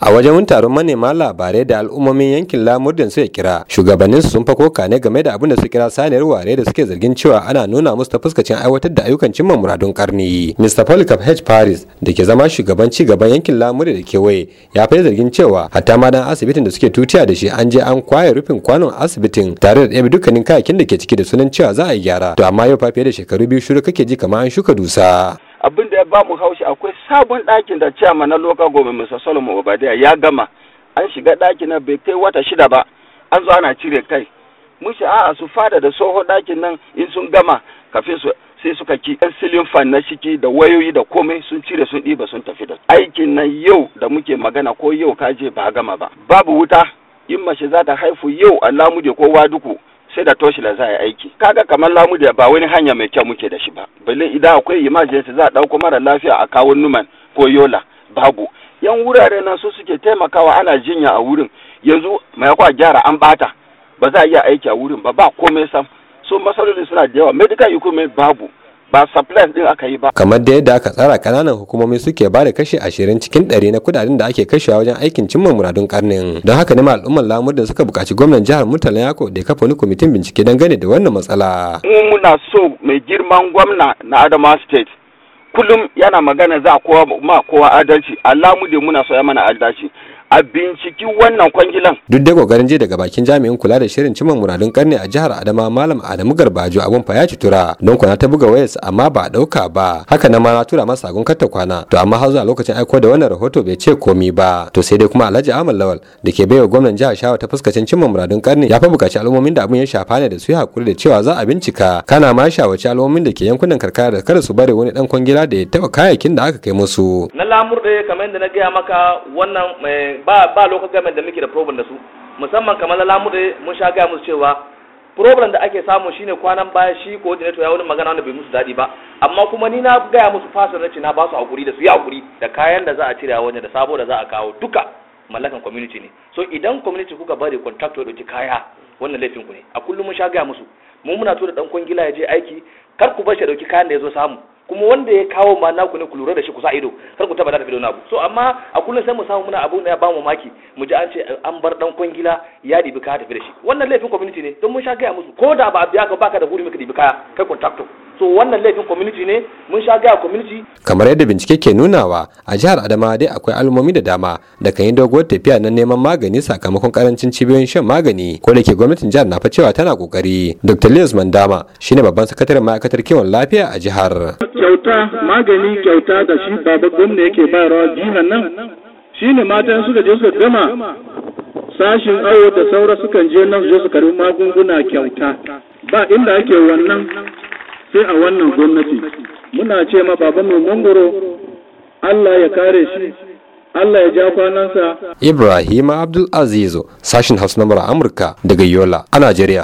a wajen wani taron manema labarai da al'ummomin yankin lamurdin suka kira shugabannin sun fa koka ne game da abin da suka kira saniyar ware da suke zargin cewa ana nuna musu ta fuskacin aiwatar da ayyukan cimma muradun karni mr polycarp h paris da ke zama shugaban ci gaban yankin lamurdin da kewaye ya fai zargin cewa hatta ma dan asibitin da suke tutiya da shi an je an kwaye rufin kwanon asibitin tare da ɗebe dukkanin kayakin da ke ciki da sunan cewa za a yi gyara to amma yau fa fiye da shekaru biyu shiru kake ji kamar an shuka dusa ba mu haushi akwai sabon ɗakin da cewa na local government Mr. Solomon Obadiah ya gama an shiga ɗakin nan bai kai wata shida ba an zo ana cire kai mun ce a'a su fada da tsohon ɗakin nan in sun gama kafin su sai suka ki yan silin fan na ciki da wayoyi da komai sun cire sun ɗiba sun tafi da aikin nan yau da muke magana ko yau ka je ba gama ba babu wuta in mace za ta haifu yau alamu ko waduku sai da toshila za a yi aiki kaga kamar lamu da ba wani hanya mai kyau muke da shi ba balle idan akwai emergency za a dauko mara lafiya a kawo numan ko yola babu yan wurare na su suke taimakawa ana jinya a wurin yanzu mai kwa gyara an bata ba za a iya aiki a wurin ba ba komai sam su masalolin suna da yawa medical equipment babu ba supplies din aka yi ba kamar da yadda aka tsara kananan hukumomi suke ba da kashi ashirin cikin ɗari na kudaden da ake kashewa wajen aikin cimma muradun karnin don haka ne ma al'ummar lamur suka buƙaci gwamnan jihar murtala yako da ya kafa wani kwamitin bincike dangane da wannan matsala mu muna so mai girman gwamna na adama state kullum yana magana za a kowa ma kowa adalci alamu de muna so ya mana adalci a binciki wannan kwangilan. Duk da kokarin je daga bakin jami'in kula da shirin cimma muradun karni a jihar Adama Malam Adamu Garbajo abun fa ya ci tura don kuna ta buga wayar amma ba a dauka ba. Haka na ma na tura masa sagon katta kwana. To amma har zuwa lokacin aiko da wannan rahoto bai ce komi ba. To sai dai kuma Alhaji Ahmad Lawal da ke baiwa gwamnan jihar Shawa ta fuskacin cimma muradun karni ya fa bukaci al'ummomin da abun ya shafa ne da su yi hakuri da cewa za a bincika. Kana ma shawarci al'ummomin da ke yankunan karkara da kada su bare wani dan kwangila da ya taba kayakin da aka kai musu. Na lamur da kamar yadda na gaya maka wannan ba ba local gamen da muke da problem da su musamman kamar la lamuɗe mun sha gaya musu cewa problem da ake samu shine kwanan baya shi coordinator ya wani magana wanda bai musu daɗi ba amma kuma ni na gaya musu fasar na na ba su hakuri da su yi hakuri da kayan da za a cire a wajen da sabo da za a kawo duka mallakan community ne so idan community kuka bari contractor ɗauki kaya wannan laifin ku ne a kullum mun sha gaya musu mu muna tura dan kwangila ya je aiki kar ku bar shi ɗauki kayan da ya zo samu kuma wanda ya kawo ma naku ne ku lura da shi ku sa ido kar ku taba da tafi naku so amma a kullum sai mu samu muna abu da ya bamu maki mu ji an ce an bar dan kwangila ya dibi kaya tafi da shi wannan laifin community ne don mun sha gaya musu ko da ba a biya ka baka da hurumi ka dibi kaya kai contractor so wannan laifin community ne mun sha gaya community kamar yadda bincike ke nunawa a jihar adama dai akwai al'ummomi da dama da kan yi doguwar tafiya na neman magani sakamakon karancin cibiyoyin shan magani ko da ke gwamnatin jihar na fa cewa tana kokari dr lewis mandama shine babban sakataren ma'aikatar kiwon lafiya a jihar kyauta magani kyauta da shi babban gwamna yake bayarwa jihar nan shine matan suka je suka gama sashin awo da saura sukan je nan su je su karbi magunguna kyauta ba inda ake wannan sai a wannan gwamnati muna ce ma baban mu mangoro Allah ya kare shi Allah ya ja kwanansa Ibrahim Abdul Azizo sashin Hausa na Amurka daga Yola a Najeriya